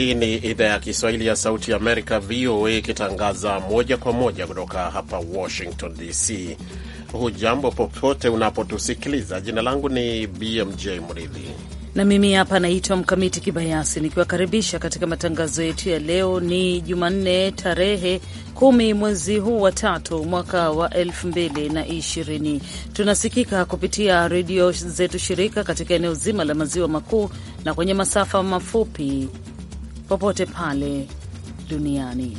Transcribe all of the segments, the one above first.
Hii ni idhaa ya Kiswahili ya Sauti ya Amerika, VOA, ikitangaza moja kwa moja kutoka hapa Washington DC. Hujambo popote unapotusikiliza. Jina langu ni BMJ Mridhi na mimi hapa naitwa Mkamiti Kibayasi nikiwakaribisha katika matangazo yetu ya leo. Ni Jumanne tarehe kumi mwezi huu wa tatu mwaka wa elfu mbili na ishirini. Tunasikika kupitia redio zetu shirika katika eneo zima la maziwa makuu na kwenye masafa mafupi popote pale duniani.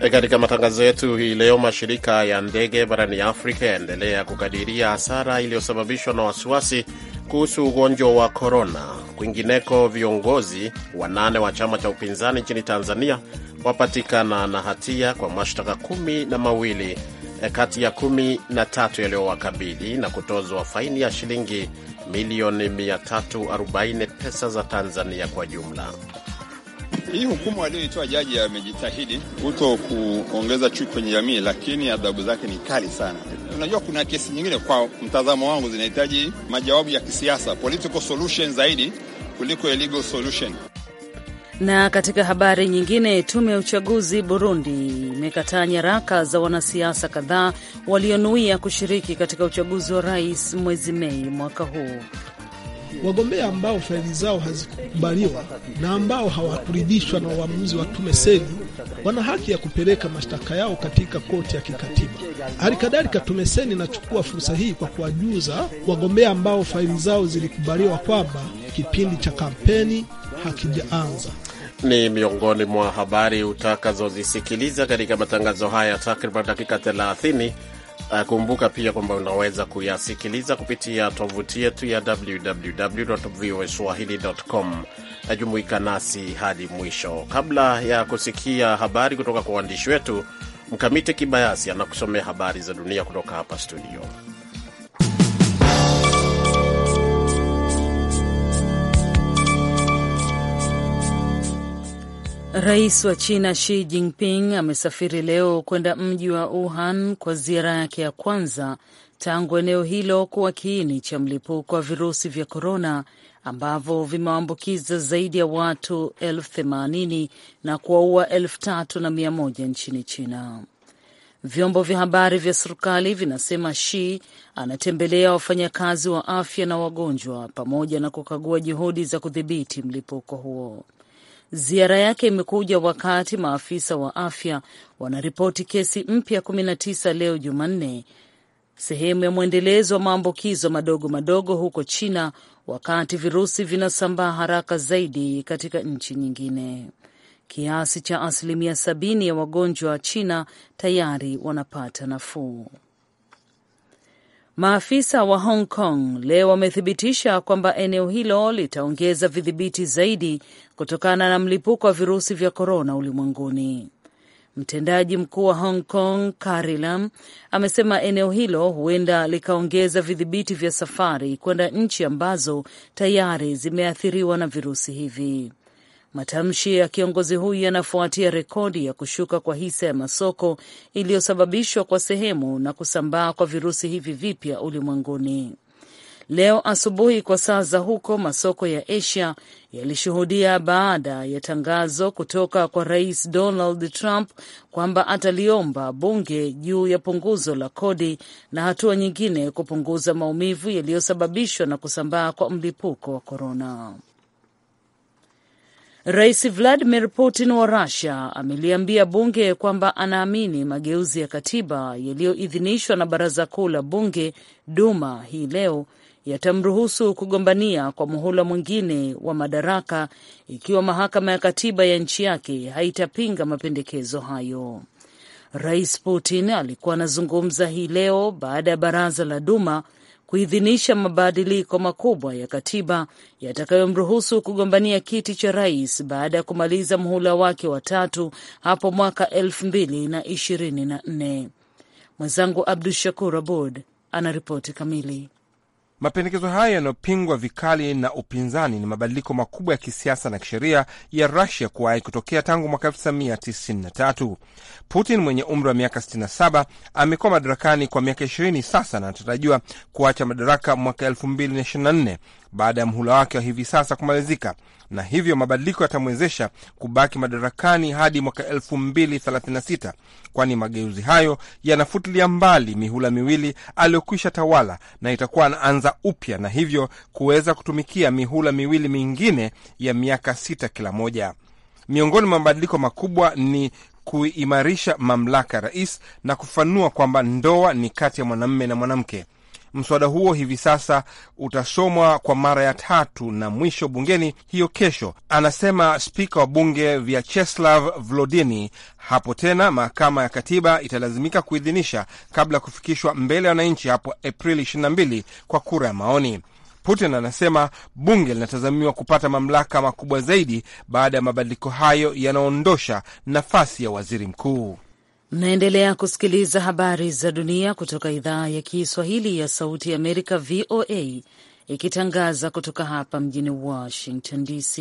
E, katika matangazo yetu hii leo, mashirika ya ndege barani Afrika yaendelea kukadiria hasara iliyosababishwa na wasiwasi kuhusu ugonjwa wa korona. Kwingineko, viongozi wanane wa chama cha upinzani nchini Tanzania wapatikana na hatia kwa mashtaka kumi na mawili e, kati ya kumi na tatu yaliyowakabili na kutozwa faini ya shilingi milioni 340 pesa za Tanzania kwa jumla. Hii hukumu aliyoitoa jaji amejitahidi kuto kuongeza chuki kwenye jamii, lakini adhabu zake ni kali sana. Unajua, kuna kesi nyingine kwa mtazamo wangu zinahitaji majawabu ya kisiasa, political solution zaidi kuliko legal solution. Na katika habari nyingine, tume ya uchaguzi Burundi imekataa nyaraka za wanasiasa kadhaa walionuia kushiriki katika uchaguzi wa rais mwezi Mei mwaka huu. Wagombea ambao faili zao hazikukubaliwa na ambao hawakuridhishwa na uamuzi wa tume seni wana haki ya kupeleka mashtaka yao katika koti ya kikatiba. Hali kadhalika, tume seni inachukua fursa hii kwa kuwajuza wagombea ambao faili zao zilikubaliwa kwamba kipindi cha kampeni hakijaanza ni miongoni mwa habari utakazozisikiliza katika matangazo haya takriban dakika 30. Ah, kumbuka pia kwamba unaweza kuyasikiliza kupitia tovuti yetu ya www.voaswahili.com. Najumuika nasi hadi mwisho. Kabla ya kusikia habari kutoka kwa waandishi wetu, Mkamiti Kibayasi anakusomea habari za dunia kutoka hapa studio. Rais wa China Xi Jinping amesafiri leo kwenda mji wa Wuhan kwa ziara yake ya kwanza tangu eneo hilo kuwa kiini cha mlipuko wa virusi vya korona ambavyo vimewaambukiza zaidi ya watu elfu themanini na kuwaua elfu tatu na mia moja nchini China. Vyombo vya habari vya serikali vinasema Shi anatembelea wafanyakazi wa afya na wagonjwa pamoja na kukagua juhudi za kudhibiti mlipuko huo. Ziara yake imekuja wakati maafisa wa afya wanaripoti kesi mpya 19 leo Jumanne, sehemu ya mwendelezo wa maambukizo madogo madogo huko China, wakati virusi vinasambaa haraka zaidi katika nchi nyingine. Kiasi cha asilimia sabini ya wagonjwa wa China tayari wanapata nafuu. Maafisa wa Hong Kong leo wamethibitisha kwamba eneo hilo litaongeza vidhibiti zaidi kutokana na mlipuko wa virusi vya korona ulimwenguni. Mtendaji mkuu wa Hong Kong Carrie Lam amesema eneo hilo huenda likaongeza vidhibiti vya safari kwenda nchi ambazo tayari zimeathiriwa na virusi hivi. Matamshi ya kiongozi huyu yanafuatia rekodi ya kushuka kwa hisa ya masoko iliyosababishwa kwa sehemu na kusambaa kwa virusi hivi vipya ulimwenguni. Leo asubuhi kwa saa za huko, masoko ya Asia yalishuhudia baada ya tangazo kutoka kwa Rais Donald Trump kwamba ataliomba bunge juu ya punguzo la kodi na hatua nyingine kupunguza maumivu yaliyosababishwa na kusambaa kwa mlipuko wa korona. Rais Vladimir Putin wa Russia ameliambia bunge kwamba anaamini mageuzi ya katiba yaliyoidhinishwa na baraza kuu la bunge Duma hii leo yatamruhusu kugombania kwa muhula mwingine wa madaraka ikiwa mahakama ya katiba ya nchi yake haitapinga mapendekezo hayo. Rais Putin alikuwa anazungumza hii leo baada ya baraza la Duma kuidhinisha mabadiliko makubwa ya katiba yatakayomruhusu kugombania kiti cha rais baada ya kumaliza mhula wake wa tatu hapo mwaka elfu mbili na ishirini na nne. Mwenzangu Abdu Shakur Abud ana ripoti kamili. Mapendekezo haya yanayopingwa vikali na upinzani ni mabadiliko makubwa ya kisiasa na kisheria ya Rusia kuwahi kutokea tangu mwaka 1993. Putin mwenye umri wa miaka 67 amekuwa madarakani kwa miaka 20 sasa na anatarajiwa kuacha madaraka mwaka 2024 baada ya mhula wake wa hivi sasa kumalizika, na hivyo mabadiliko yatamwezesha kubaki madarakani hadi mwaka 2036 kwani mageuzi hayo yanafutilia mbali mihula miwili aliyokwisha tawala na itakuwa anaanza upya, na hivyo kuweza kutumikia mihula miwili mingine ya miaka sita kila moja. Miongoni mwa mabadiliko makubwa ni kuimarisha mamlaka ya rais na kufanua kwamba ndoa ni kati ya mwanamume na mwanamke. Mswada huo hivi sasa utasomwa kwa mara ya tatu na mwisho bungeni hiyo kesho, anasema spika wa bunge Vyacheslav Vlodini. Hapo tena mahakama ya katiba italazimika kuidhinisha kabla ya kufikishwa mbele ya wananchi hapo Aprili 22 kwa kura ya maoni. Putin anasema bunge linatazamiwa kupata mamlaka makubwa zaidi baada ya mabadiliko hayo yanaondosha nafasi ya waziri mkuu. Mnaendelea kusikiliza habari za dunia kutoka idhaa ya Kiswahili ya Sauti ya Amerika, VOA, ikitangaza kutoka hapa mjini Washington DC.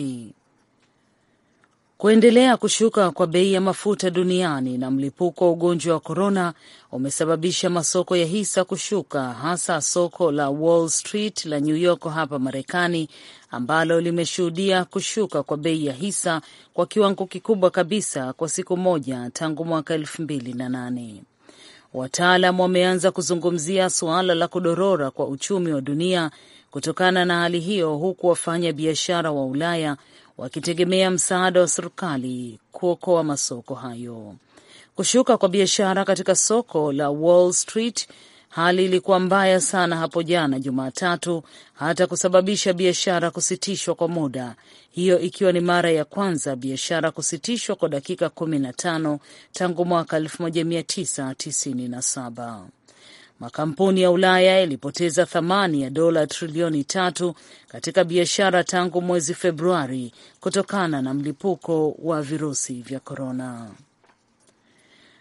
Kuendelea kushuka kwa bei ya mafuta duniani na mlipuko wa ugonjwa wa korona umesababisha masoko ya hisa kushuka, hasa soko la Wall Street la New York hapa Marekani, ambalo limeshuhudia kushuka kwa bei ya hisa kwa kiwango kikubwa kabisa kwa siku moja tangu mwaka elfu mbili na nane. Wataalam wameanza kuzungumzia suala la kudorora kwa uchumi wa dunia kutokana na hali hiyo, huku wafanya biashara wa Ulaya wakitegemea msaada wa serikali kuokoa masoko hayo. Kushuka kwa biashara katika soko la Wall Street Hali ilikuwa mbaya sana hapo jana Jumatatu, hata kusababisha biashara kusitishwa kwa muda, hiyo ikiwa ni mara ya kwanza biashara kusitishwa kwa dakika 15 tangu mwaka 1997. Makampuni ya Ulaya yalipoteza thamani ya dola trilioni tatu katika biashara tangu mwezi Februari kutokana na mlipuko wa virusi vya korona.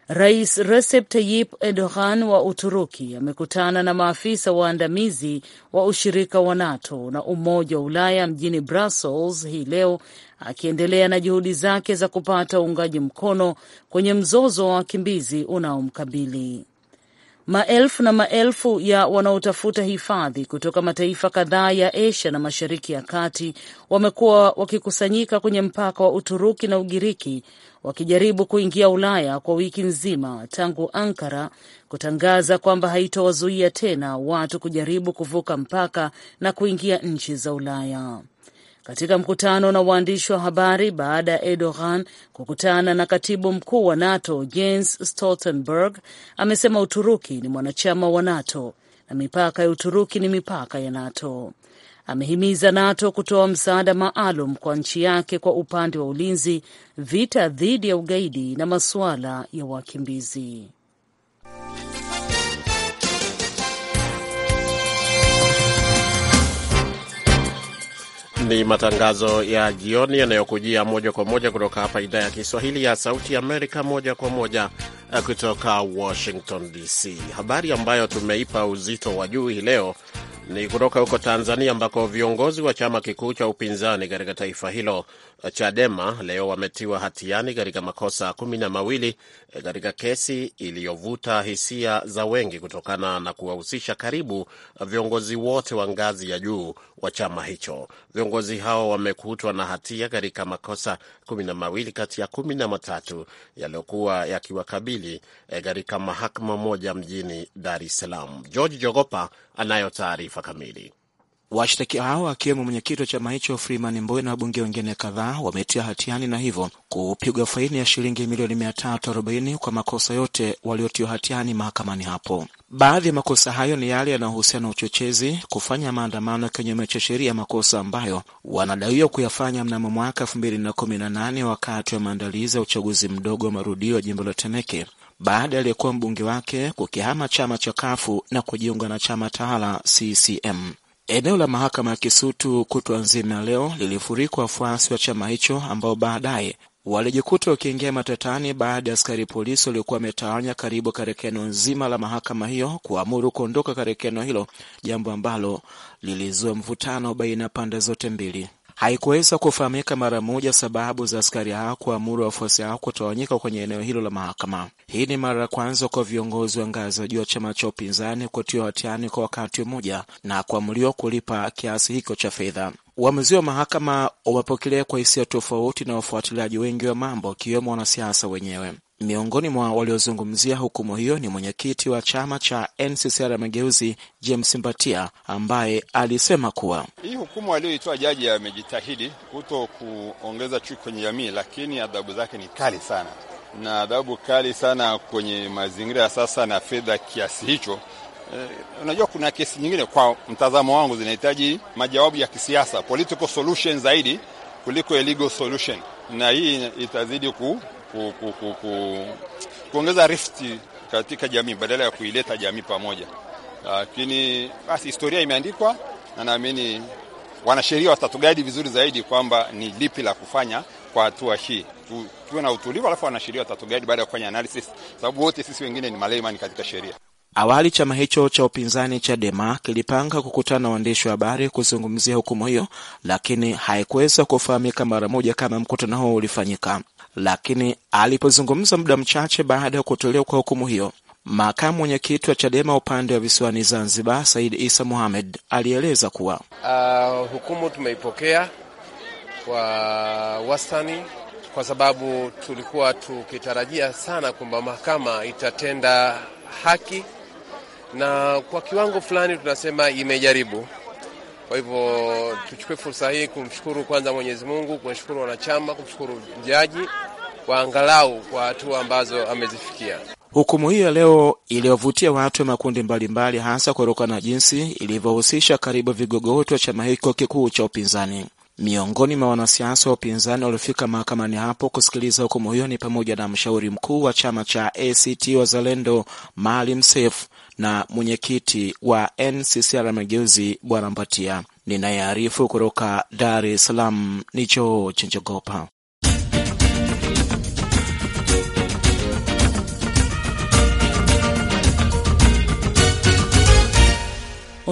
Rais Recep Tayyip Erdogan wa Uturuki amekutana na maafisa waandamizi wa ushirika wa NATO na Umoja wa Ulaya mjini Brussels hii leo, akiendelea na juhudi zake za kupata uungaji mkono kwenye mzozo wa wakimbizi unaomkabili. Maelfu na maelfu ya wanaotafuta hifadhi kutoka mataifa kadhaa ya Asia na Mashariki ya Kati wamekuwa wakikusanyika kwenye mpaka wa Uturuki na Ugiriki wakijaribu kuingia Ulaya kwa wiki nzima tangu Ankara kutangaza kwamba haitowazuia tena watu kujaribu kuvuka mpaka na kuingia nchi za Ulaya katika mkutano na waandishi wa habari baada ya Erdogan kukutana na katibu mkuu wa NATO Jens Stoltenberg, amesema Uturuki ni mwanachama wa NATO na mipaka ya Uturuki ni mipaka ya NATO. Amehimiza NATO kutoa msaada maalum kwa nchi yake kwa upande wa ulinzi, vita dhidi ya ugaidi na masuala ya wakimbizi. Ni matangazo ya jioni yanayokujia moja kwa moja kutoka hapa idhaa ya Kiswahili ya Sauti ya Amerika, moja kwa moja eh, kutoka Washington DC. Habari ambayo tumeipa uzito wa juu hii leo ni kutoka huko Tanzania ambako viongozi wa chama kikuu cha upinzani katika taifa hilo Chadema leo wametiwa hatiani katika makosa kumi na mawili eh, katika kesi iliyovuta hisia za wengi kutokana na kuwahusisha karibu viongozi wote wa ngazi ya juu wa chama hicho. Viongozi hao wamekutwa na hatia katika makosa kumi na mawili kati ya kumi na matatu yaliyokuwa yakiwakabili eh, katika mahakama moja mjini Dar es Salaam. George Jogopa anayo taarifa kamili. Washtakiwa hao akiwemo mwenyekiti wa chama hicho Freeman Mbowe na wabunge wengine kadhaa wametia hatiani na hivyo kupigwa faini ya shilingi milioni 340 kwa makosa yote waliotiwa hatiani mahakamani hapo. Baadhi ya makosa hayo ni yale yanayohusiana na uchochezi, kufanya maandamano ya kinyume cha sheria, makosa ambayo wanadaiwa kuyafanya mnamo mwaka 218 wakati wa maandalizi ya uchaguzi mdogo wa marudio wa jimbo la Temeke baada ya aliyekuwa mbunge wake kukihama chama cha Kafu na kujiunga na chama tawala CCM. Eneo la mahakama ya Kisutu kutwa nzima leo lilifurika wafuasi wa chama hicho ambao baadaye walijikuta wakiingia matatani baada ya askari polisi waliokuwa wametawanya karibu katika eneo nzima la mahakama hiyo kuamuru kuondoka katika eneo hilo, jambo ambalo lilizua mvutano baina ya pande zote mbili. Haikuweza kufahamika mara moja sababu za askari hao kuamuru wafuasi hao kutawanyika kwenye eneo hilo la mahakama. Hii ni mara ya kwanza kwa viongozi wa ngazi ya juu ya chama cha upinzani kutiwa hatiani kwa wakati mmoja na kuamuliwa kulipa kiasi hicho cha fedha. Uamuzi wa mahakama umepokelea kwa hisia tofauti na wafuatiliaji wengi wa mambo, ikiwemo wanasiasa wenyewe. Miongoni mwa waliozungumzia hukumu hiyo ni mwenyekiti wa chama cha NCCR Mageuzi, James Mbatia, ambaye alisema kuwa hii hukumu aliyoitoa jaji amejitahidi kuto kuongeza chuki kwenye jamii, lakini adhabu zake ni kali sana, na adhabu kali sana kwenye mazingira ya sasa na fedha kiasi hicho. Eh, unajua kuna kesi nyingine kwa mtazamo wangu zinahitaji majawabu ya kisiasa, political solution zaidi kuliko legal solution, na hii itazidi ku ku, ku, ku, ku, kuongeza rifti katika jamii badala ya kuileta jamii pamoja. Lakini basi historia imeandikwa na naamini wanasheria watatugaidi vizuri zaidi kwamba ni lipi la kufanya kwa hatua hii. Tuwe na utulivu, alafu wanasheria watatugaidi baada ya kufanya analysis, sababu wote sisi wengine ni malayman katika sheria. Awali chama hicho cha upinzani Chadema kilipanga kukutana na waandishi wa habari kuzungumzia hukumu hiyo, lakini haikuweza kufahamika mara moja kama mkutano huo ulifanyika lakini alipozungumza muda mchache baada ya kutolewa kwa hukumu hiyo, makamu mwenyekiti wa Chadema upande wa visiwani Zanzibar, Said Isa Muhamed, alieleza kuwa uh, hukumu tumeipokea kwa wastani, kwa sababu tulikuwa tukitarajia sana kwamba mahakama itatenda haki, na kwa kiwango fulani tunasema imejaribu kwa hivyo tuchukue fursa hii kumshukuru kwanza Mwenyezi Mungu, kumshukuru wanachama, kumshukuru jaji kwa angalau kwa hatua ambazo amezifikia. Hukumu hiyo ya leo iliyovutia watu wa makundi mbalimbali, hasa kutokana na jinsi ilivyohusisha karibu vigogo wote wa chama hicho kikuu cha upinzani. Miongoni mwa wanasiasa wa upinzani waliofika mahakamani hapo kusikiliza hukumu hiyo ni pamoja na mshauri mkuu wa chama cha ACT Wazalendo Maalim Seif na mwenyekiti wa NCCR Mageuzi Bwana Mbatia. Ninayearifu kutoka Dar es Salaam ni Joo Njogopa.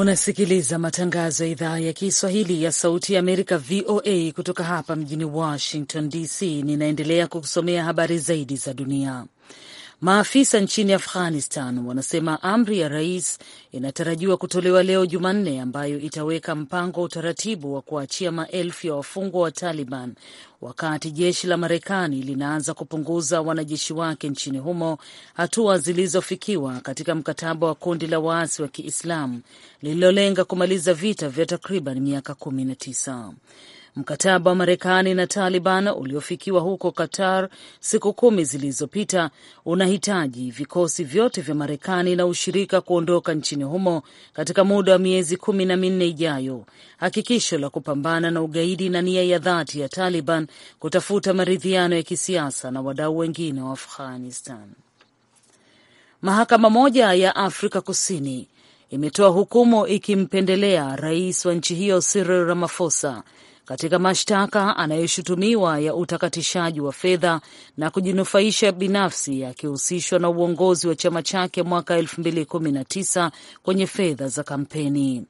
Unasikiliza matangazo ya idhaa ya Kiswahili ya Sauti ya Amerika, VOA, kutoka hapa mjini Washington DC. Ninaendelea kukusomea habari zaidi za dunia. Maafisa nchini Afghanistan wanasema amri ya rais inatarajiwa kutolewa leo Jumanne, ambayo itaweka mpango wa utaratibu wa kuachia maelfu ya wafungwa wa Taliban wakati jeshi la Marekani linaanza kupunguza wanajeshi wake nchini humo, hatua zilizofikiwa katika mkataba wa kundi la waasi wa Kiislamu lililolenga kumaliza vita vya takriban miaka kumi na tisa. Mkataba wa Marekani na Taliban uliofikiwa huko Qatar siku kumi zilizopita unahitaji vikosi vyote vya Marekani na ushirika kuondoka nchini humo katika muda wa miezi kumi na minne ijayo, hakikisho la kupambana na ugaidi na nia ya dhati ya Taliban kutafuta maridhiano ya kisiasa na wadau wengine wa Afghanistan. Mahakama moja ya Afrika Kusini imetoa hukumu ikimpendelea rais wa nchi hiyo Cyril Ramaphosa katika mashtaka anayeshutumiwa ya utakatishaji wa fedha na kujinufaisha binafsi akihusishwa na uongozi wa chama chake mwaka 2019 kwenye fedha za kampeni.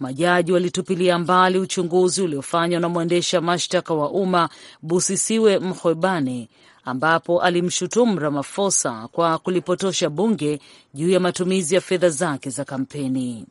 Majaji walitupilia mbali uchunguzi uliofanywa na mwendesha mashtaka wa umma Busisiwe Mkhwebane ambapo alimshutumu Ramaphosa kwa kulipotosha bunge juu ya matumizi ya fedha zake za kampeni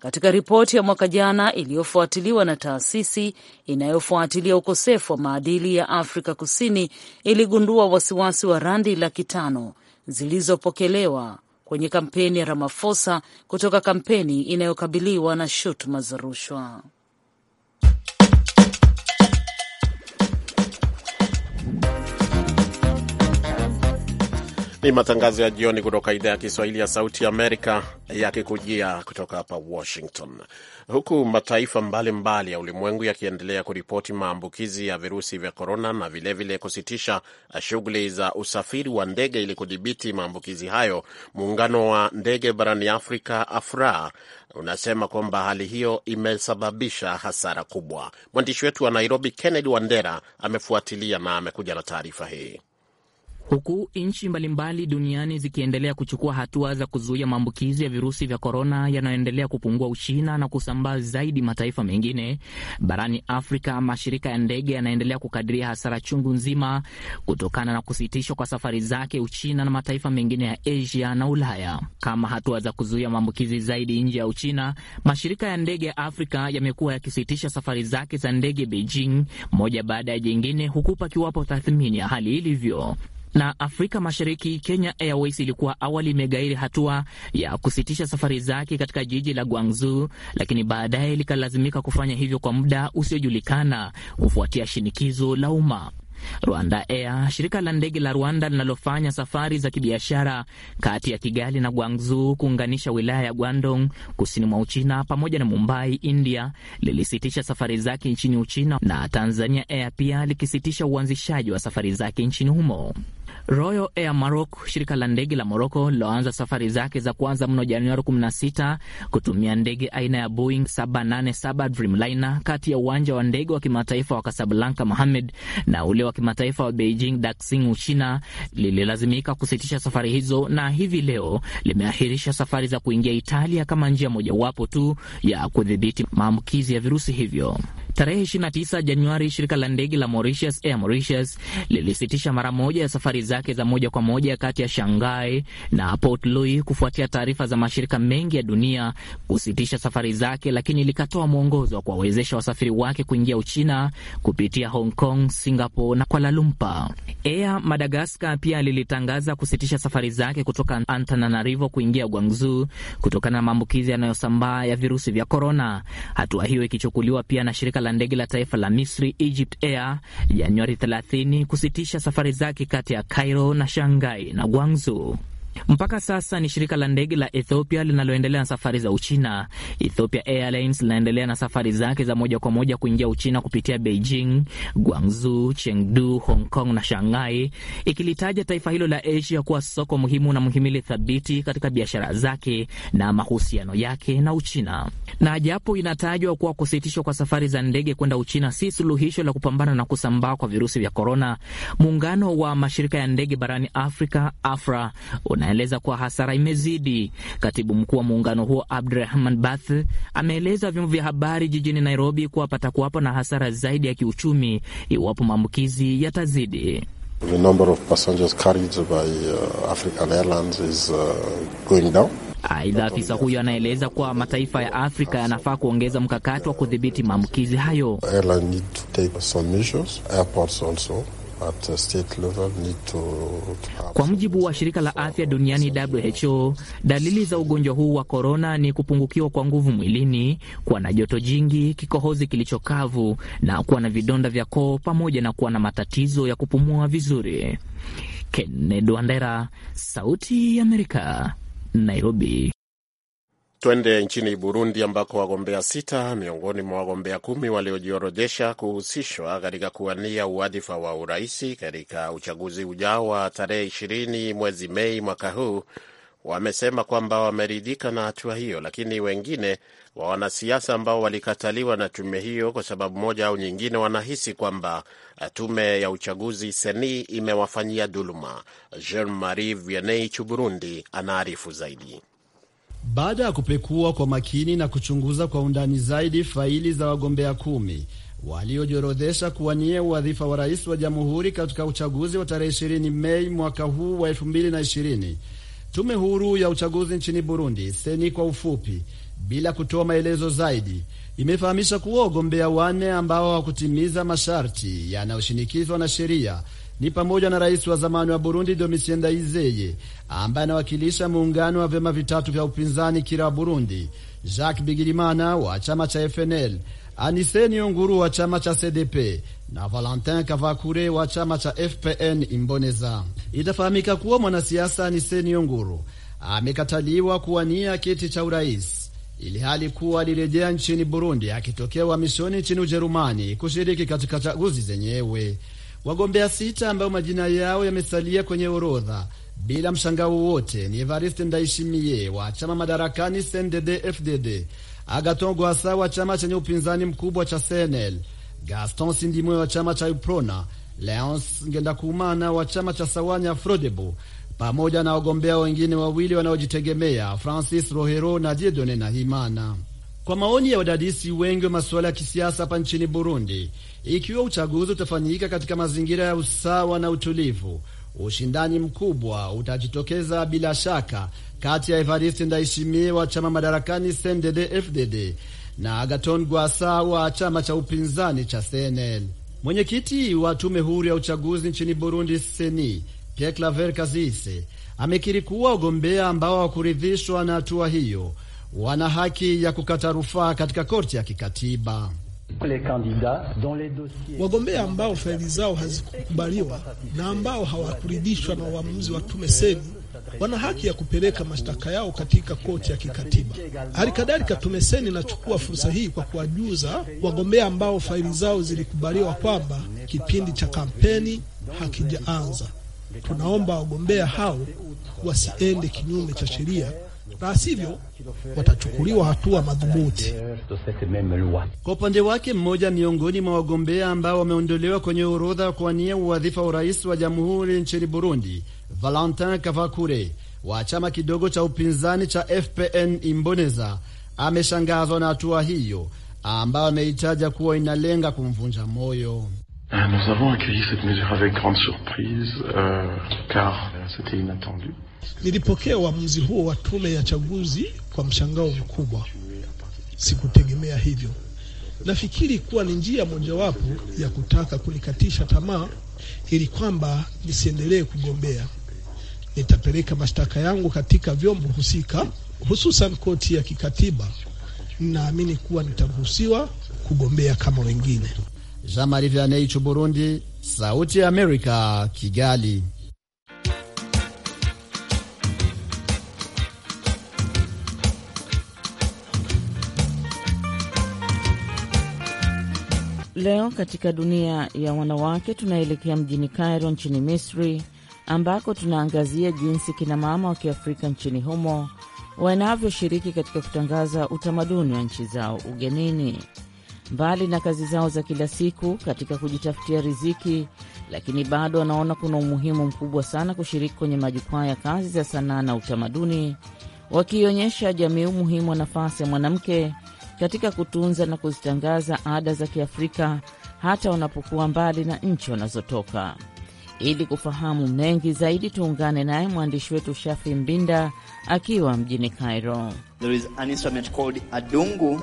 katika ripoti ya mwaka jana iliyofuatiliwa na taasisi inayofuatilia ukosefu wa maadili ya Afrika Kusini iligundua wasiwasi wa randi laki tano zilizopokelewa kwenye kampeni ya Ramaphosa kutoka kampeni inayokabiliwa na shutuma za rushwa. Ni matangazo ya jioni kutoka idhaa ya Kiswahili ya Sauti Amerika yakikujia kutoka hapa Washington. Huku mataifa mbalimbali mbali ya ulimwengu yakiendelea kuripoti maambukizi ya virusi vya korona na vilevile vile kusitisha shughuli za usafiri wa ndege ili kudhibiti maambukizi hayo, muungano wa ndege barani Afrika AFRA unasema kwamba hali hiyo imesababisha hasara kubwa. Mwandishi wetu wa Nairobi Kennedy Wandera amefuatilia na amekuja na taarifa hii. Huku nchi mbalimbali duniani zikiendelea kuchukua hatua za kuzuia maambukizi ya virusi vya korona yanayoendelea kupungua Uchina na kusambaa zaidi mataifa mengine barani Afrika, mashirika ya ndege yanaendelea kukadiria hasara chungu nzima kutokana na kusitishwa kwa safari zake Uchina na mataifa mengine ya Asia na Ulaya kama hatua za kuzuia maambukizi zaidi nje ya Uchina. Mashirika ya ndege ya Afrika yamekuwa yakisitisha safari zake za ndege Beijing moja baada ya jingine, huku pakiwapo tathmini ya hali ilivyo na Afrika Mashariki, Kenya Airways ilikuwa awali imegairi hatua ya kusitisha safari zake katika jiji la Guangzhou, lakini baadaye likalazimika kufanya hivyo kwa muda usiojulikana kufuatia shinikizo la umma. Rwanda Air, shirika la ndege la Rwanda linalofanya safari za kibiashara kati ya Kigali na Guangzhou kuunganisha wilaya ya Guangdong kusini mwa Uchina pamoja na Mumbai, India, lilisitisha safari zake nchini Uchina na Tanzania Air pia likisitisha uanzishaji wa safari zake nchini humo. Royal Air Maroc, shirika la ndege la Moroko liloanza safari zake za kwanza mno Januari 16 kutumia ndege aina ya Boeing 787 Dreamliner kati ya uwanja wa ndege wa kimataifa wa Kasablanka Mohamed na ule wa kimataifa wa Beijing Daxing Uchina, lililazimika kusitisha safari hizo na hivi leo limeahirisha safari za kuingia Italia kama njia mojawapo tu ya kudhibiti maambukizi ya virusi hivyo. Tarehe 29 Januari, shirika la ndege la Mauritius, Air Mauritius, lilisitisha mara moja ya safari zake za moja kwa moja kati ya Shanghai na Port Louis kufuatia taarifa za mashirika mengi ya dunia kusitisha safari zake, lakini likatoa mwongozo wa kuwawezesha wasafiri wake kuingia Uchina kupitia Hong Kong, Singapore na Kuala Lumpur. Air Madagascar pia lilitangaza kusitisha safari zake kutoka Antananarivo kuingia Guangzhou kutokana na maambukizi yanayosambaa ya virusi vya korona, hatua hiyo ikichukuliwa pia na shirika shirika la ndege la taifa la Misri Egypt Air Januari 30 kusitisha safari zake kati ya Cairo na Shanghai na Guangzhou. Mpaka sasa ni shirika la ndege la Ethiopia linaloendelea na safari za Uchina. Ethiopia Airlines linaendelea na safari zake za moja kwa moja kuingia Uchina kupitia Beijing, Guangzhou, Chengdu, Hong Kong na Shanghai, ikilitaja taifa hilo la Asia kuwa soko muhimu na muhimili thabiti katika biashara zake na mahusiano yake na Uchina. Na japo inatajwa kuwa kusitishwa kwa safari za ndege kwenda Uchina si suluhisho la kupambana na kusambaa kwa virusi vya korona, muungano wa mashirika ya ndege barani Afrika, AFRA, unaeleza kuwa hasara imezidi. Katibu mkuu wa muungano huo Abdurahman Bath ameeleza vyombo vya habari jijini Nairobi kuwa patakuwapo na hasara zaidi ya kiuchumi iwapo maambukizi yatazidi. The number of passengers carried by uh, African Airlines is uh, going down. Aidha, afisa huyo anaeleza kuwa mataifa ya Afrika yanafaa kuongeza mkakati wa kudhibiti maambukizi hayo. need to take some measures, airports also at state level need to... Kwa mujibu wa shirika la afya duniani WHO, dalili za ugonjwa huu wa korona ni kupungukiwa kwa nguvu mwilini, kuwa na joto jingi, kikohozi kilichokavu na kuwa na vidonda vya koo pamoja na kuwa na matatizo ya kupumua vizuri. Kennedy Wandera, Sauti ya Amerika, Nairobi. Twende nchini Burundi ambako wagombea sita miongoni mwa wagombea kumi waliojiorodhesha kuhusishwa katika kuwania uwadhifa wa uraisi katika uchaguzi ujao wa tarehe ishirini mwezi Mei mwaka huu wamesema kwamba wameridhika na hatua hiyo, lakini wengine wa wanasiasa ambao walikataliwa na tume hiyo kwa sababu moja au nyingine wanahisi kwamba tume ya uchaguzi seni imewafanyia dhuluma. Jean Marie Vianney Chu Burundi anaarifu zaidi. Baada ya kupekua kwa makini na kuchunguza kwa undani zaidi faili za wagombea kumi waliojiorodhesha kuwania wadhifa wa rais wa jamhuri katika uchaguzi wa tarehe 20 Mei mwaka huu wa ishirini, tume huru ya uchaguzi nchini Burundi, seni kwa ufupi, bila kutoa maelezo zaidi, imefahamisha kuwa wagombea wanne ambao hawakutimiza masharti yanayoshinikizwa na sheria ni pamoja na rais wa zamani wa Burundi Domitien Ndayizeye ambaye anawakilisha muungano wa vyama vitatu vya upinzani kira wa Burundi, Jacques Bigirimana wa chama cha FNL, Aniseni Onguru wa chama cha CDP na Valentin Kavakure wa chama cha FPN Imboneza. Itafahamika kuwa mwanasiasa Aniseni Onguru amekataliwa kuwania kiti cha urais ili hali kuwa alirejea nchini Burundi akitokea uhamishoni nchini Ujerumani kushiriki katika chaguzi zenyewe. Wagombea sita ambao majina yao yamesalia kwenye orodha bila mshangao wowote ni Evariste Ndayishimiye wa chama madarakani CNDD-FDD, Agaton Gwasa wa chama chenye upinzani mkubwa cha CNL, Gaston Sindimwe wa chama cha UPRONA, Leonce Ngendakumana wa chama cha Sawanya Frodebu, pamoja na wagombea wengine wawili wanaojitegemea Francis Rohero na Dieudonne Nahimana. Kwa maoni ya wadadisi wengi wa masuala ya kisiasa hapa nchini Burundi, ikiwa uchaguzi utafanyika katika mazingira ya usawa na utulivu. Ushindani mkubwa utajitokeza bila shaka kati ya Evariste Ndayishimiye wa chama madarakani CNDD-FDD na agaton gwasa wa chama cha upinzani cha CNL. Mwenyekiti wa tume huru ya uchaguzi nchini Burundi seni Pierre Claver Kazise amekiri kuwa wagombea ambao hawakuridhishwa na hatua hiyo wana haki ya kukata rufaa katika korti ya kikatiba. Wagombea ambao faili zao hazikukubaliwa na ambao hawakuridhishwa na uamuzi wa tume seni wana haki ya kupeleka mashtaka yao katika koti ya kikatiba. Hali kadhalika, tumeseni inachukua fursa hii kwa kuwajuza wagombea ambao faili zao zilikubaliwa kwamba kipindi cha kampeni hakijaanza. Tunaomba wagombea hao wasiende kinyume cha sheria na sivyo watachukuliwa hatua madhubuti. Kwa upande wake, mmoja miongoni mwa wagombea ambao wameondolewa kwenye orodha ya kuwania uwadhifa wa urais wa jamhuri nchini Burundi, Valentin Kavakure wa chama kidogo cha upinzani cha FPN Imboneza ameshangazwa na hatua hiyo ambayo ameitaja kuwa inalenga kumvunja moyo. Ah, nous avons accueilli cette mesure avec grande surprise, euh, car euh, c'était inattendu. Nilipokea uamuzi huo wa tume ya chaguzi kwa mshangao mkubwa, sikutegemea hivyo. Nafikiri kuwa ni njia mojawapo ya kutaka kunikatisha tamaa ili kwamba nisiendelee kugombea. Nitapeleka mashtaka yangu katika vyombo husika, hususan koti ya kikatiba. Ninaamini kuwa nitaruhusiwa kugombea kama wengine. Jean Marie Vianney, Burundi, Sauti ya Amerika, Kigali. Leo katika dunia ya wanawake tunaelekea mjini Cairo nchini Misri, ambako tunaangazia jinsi kinamama wa Kiafrika nchini humo wanavyoshiriki katika kutangaza utamaduni wa nchi zao ugenini. Mbali na kazi zao za kila siku katika kujitafutia riziki, lakini bado wanaona kuna umuhimu mkubwa sana kushiriki kwenye majukwaa ya kazi za sanaa na utamaduni, wakiionyesha jamii umuhimu wa nafasi ya mwanamke katika kutunza na kuzitangaza ada za Kiafrika hata wanapokuwa mbali na nchi wanazotoka. Ili kufahamu mengi zaidi, tuungane naye mwandishi wetu Shafi Mbinda akiwa mjini Cairo. There is an instrument called adungu.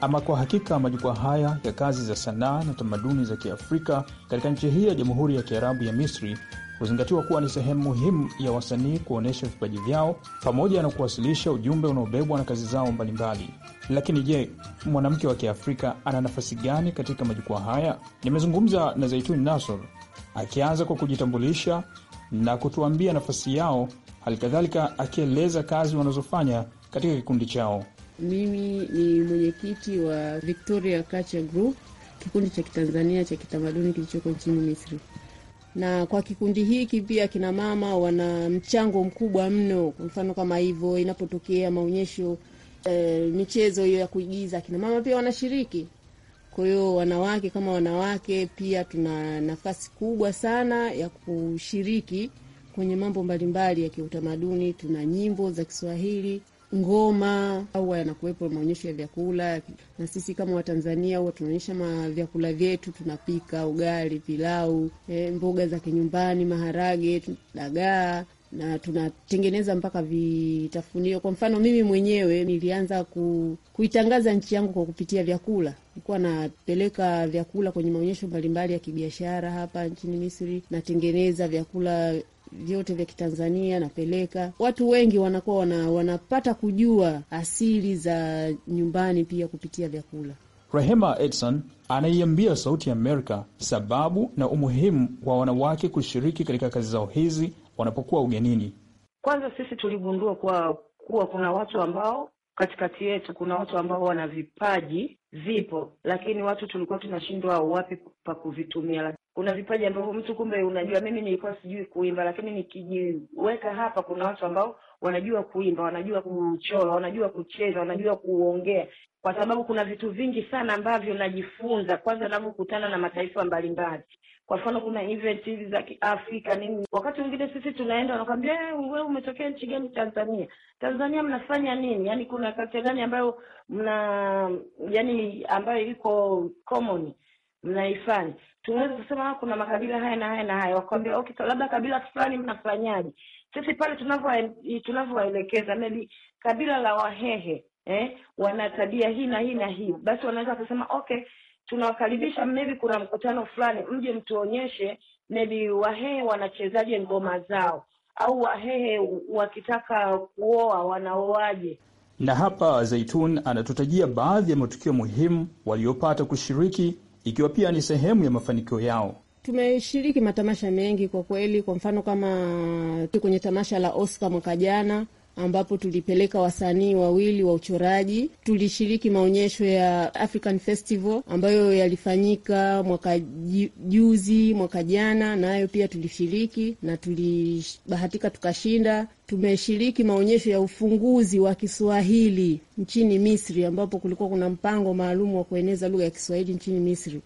Ama kwa hakika majukwaa haya ya kazi za sanaa na tamaduni za Kiafrika katika nchi hii ya Jamhuri ya Kiarabu ya Misri huzingatiwa kuwa ni sehemu muhimu ya wasanii kuonyesha vipaji vyao pamoja na kuwasilisha ujumbe unaobebwa na kazi zao mbalimbali. Lakini je, mwanamke wa Kiafrika ana nafasi gani katika majukwaa haya? Nimezungumza na Zaituni Nasor akianza kwa kujitambulisha na kutuambia nafasi yao, hali kadhalika akieleza kazi wanazofanya katika kikundi chao. Mimi ni mwenyekiti wa Victoria Culture Group, kikundi cha kitanzania cha kitamaduni kilichoko nchini Misri na kwa kikundi hiki pia kina mama wana mchango mkubwa mno. Kwa mfano kama hivyo inapotokea maonyesho e, michezo hiyo ya kuigiza, kina mama pia wanashiriki. Kwa hiyo wanawake kama wanawake pia tuna nafasi kubwa sana ya kushiriki kwenye mambo mbalimbali ya kiutamaduni. Tuna nyimbo za Kiswahili ngoma au yanakuwepo maonyesho ya vyakula, na sisi kama Watanzania huwa tunaonyesha vyakula vyetu, tunapika ugali, pilau, eh, mboga za kinyumbani, maharage, dagaa na tunatengeneza mpaka vitafunio. Kwa mfano, mimi mwenyewe nilianza ku, kuitangaza nchi yangu kwa kupitia vyakula. Nilikuwa napeleka vyakula kwenye maonyesho mbalimbali ya kibiashara hapa nchini Misri, natengeneza vyakula vyote vya Kitanzania napeleka. Watu wengi wanakuwa wana, wanapata kujua asili za nyumbani pia kupitia vyakula. Rehema Edson anaiambia Sauti ya Amerika sababu na umuhimu wa wanawake kushiriki katika kazi zao hizi wanapokuwa ugenini. Kwanza sisi tuligundua kuwa, kuwa kuna watu ambao katikati yetu kuna watu ambao wana vipaji vipo, lakini watu tulikuwa tunashindwa wapi pa kuvitumia kuna vipaji ambavyo mtu kumbe, unajua, mimi nilikuwa sijui kuimba, lakini nikijiweka hapa, kuna watu ambao wanajua kuimba, wanajua kuchora, wanajua kucheza, wanajua kuongea, kwa sababu kuna vitu vingi sana ambavyo najifunza kwanza navyokutana na mataifa mbalimbali. Kwa mfano, kuna event hizi za Kiafrika nini, wakati mwingine sisi tunaenda, wanakwambia eh, wewe umetokea nchi gani? Tanzania. Tanzania mnafanya nini? Yani kuna kalcha gani ambayo mna yani ambayo iko common mnaifanya tunaweza kusema kuna makabila haya na haya na haya, wakwambia okay, labda kabila fulani mnafanyaje? Sisi pale tunavyowaelekeza maybe kabila la Wahehe eh, wana tabia hii na hii na hii, basi wanaweza kusema okay, tunawakaribisha maybe kuna mkutano fulani, mje mtuonyeshe maybe Wahehe wanachezaje ngoma zao, au Wahehe wakitaka kuoa wanaoaje. Na hapa Zaitun anatutajia baadhi ya matukio muhimu waliopata kushiriki ikiwa pia ni sehemu ya mafanikio yao. Tumeshiriki matamasha mengi kwa kweli, kwa mfano kama kwenye tamasha la Oscar mwaka jana ambapo tulipeleka wasanii wawili wa uchoraji. Tulishiriki maonyesho ya African Festival ambayo yalifanyika mwaka juzi, mwaka jana, nayo pia tulishiriki na tulibahatika tukashinda. Tumeshiriki maonyesho ya ufunguzi wa Kiswahili nchini Misri, ambapo kulikuwa kuna mpango maalum wa kueneza lugha ya Kiswahili nchini Misri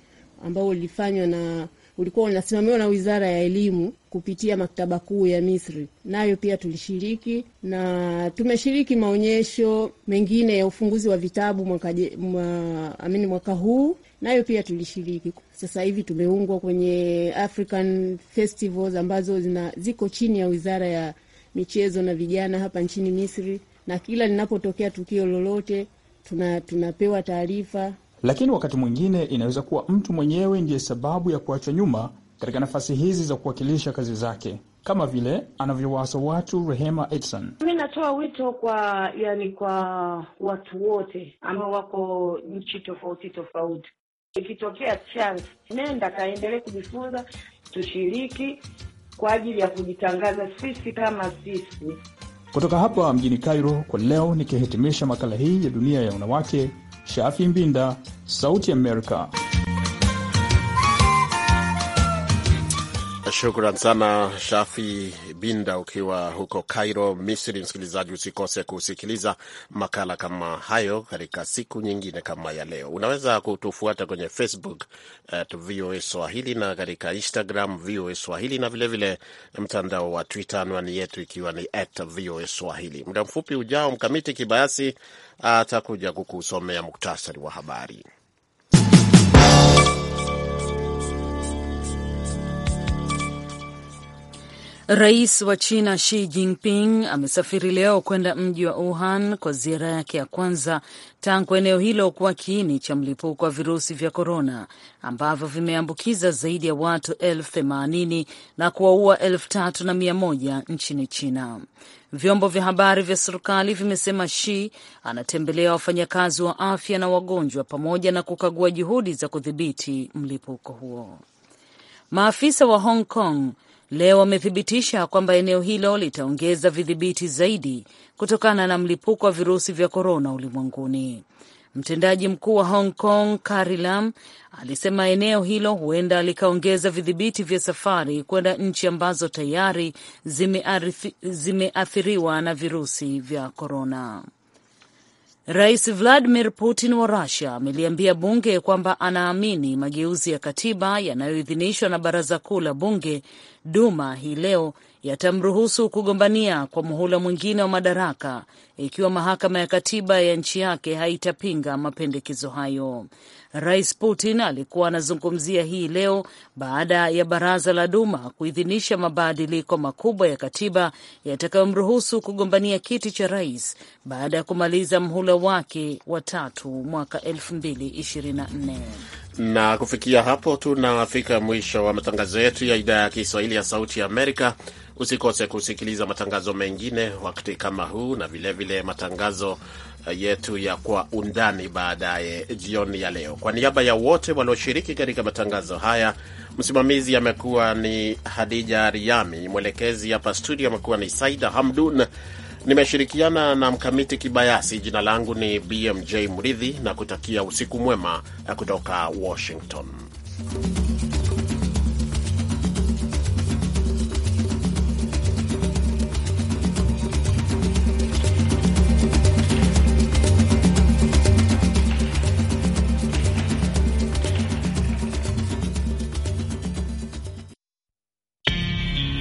ambao ulifanywa na ulikuwa unasimamiwa na Wizara ya Elimu kupitia maktaba kuu ya Misri, nayo pia tulishiriki na tumeshiriki maonyesho mengine ya ufunguzi wa vitabu mwaka, mwa, amini mwaka huu nayo pia tulishiriki. Sasa hivi tumeungwa kwenye African Festivals ambazo zina, ziko chini ya Wizara ya Michezo na Vijana hapa nchini Misri, na kila linapotokea tukio lolote tuna, tunapewa taarifa lakini wakati mwingine inaweza kuwa mtu mwenyewe ndiye sababu ya kuachwa nyuma katika nafasi hizi za kuwakilisha kazi zake kama vile anavyowaswa watu Rehema Edson. Mi natoa wito kwa yani, kwa watu wote ambao wako nchi tofauti tofauti, ikitokea chance, nenda kaendelee kujifunza, tushiriki kwa ajili ya kujitangaza sisi kama sisi. Kutoka hapa mjini Cairo kwa leo, nikihitimisha makala hii ya dunia ya wanawake Shafin Binda, Sauti America. Shukran sana Shafi Binda, ukiwa huko Cairo, Misri. Msikilizaji, usikose kusikiliza makala kama hayo katika siku nyingine kama ya leo. Unaweza kutufuata kwenye Facebook at VOA Swahili na katika Instagram VOA Swahili na vilevile mtandao wa Twitter, anwani yetu ikiwa ni at VOA Swahili. Muda mfupi ujao, Mkamiti Kibayasi atakuja kukusomea muktasari wa habari. Rais wa China Xi Jinping amesafiri leo kwenda mji wa Wuhan kwa ziara yake ya kwanza tangu eneo hilo kuwa kiini cha mlipuko wa virusi vya korona ambavyo vimeambukiza zaidi ya watu elfu themanini na kuwaua elfu tatu na mia moja nchini China. Vyombo vya habari vya serikali vimesema Shi anatembelea wafanyakazi wa afya na wagonjwa pamoja na kukagua juhudi za kudhibiti mlipuko huo. Maafisa wa Hong Kong leo wamethibitisha kwamba eneo hilo litaongeza vidhibiti zaidi kutokana na mlipuko wa virusi vya korona ulimwenguni. Mtendaji mkuu wa Hong Kong Carrie Lam alisema eneo hilo huenda likaongeza vidhibiti vya safari kwenda nchi ambazo tayari zimeathiriwa na virusi vya korona. Rais Vladimir Putin wa Rusia ameliambia bunge kwamba anaamini mageuzi ya katiba yanayoidhinishwa na baraza kuu la bunge Duma hii leo yatamruhusu kugombania kwa muhula mwingine wa madaraka ikiwa mahakama ya katiba ya nchi yake haitapinga mapendekezo hayo. Rais Putin alikuwa anazungumzia hii leo baada ya baraza la Duma kuidhinisha mabadiliko makubwa ya katiba yatakayomruhusu kugombania kiti cha rais baada ya kumaliza mhula wake wa tatu mwaka 2024. Na kufikia hapo tunafika mwisho wa matangazo yetu ya idhaa ya Kiswahili ya Sauti ya Amerika. Usikose kusikiliza matangazo mengine wakati kama huu na vilevile vilevile matangazo eh, yetu ya kwa undani baadaye jioni ya leo. Kwa niaba ya wote walioshiriki katika matangazo haya, msimamizi amekuwa ni Hadija Riami, mwelekezi hapa studio amekuwa ni Saida Hamdun, nimeshirikiana na Mkamiti Kibayasi. Jina langu ni BMJ Mridhi na kutakia usiku mwema kutoka Washington.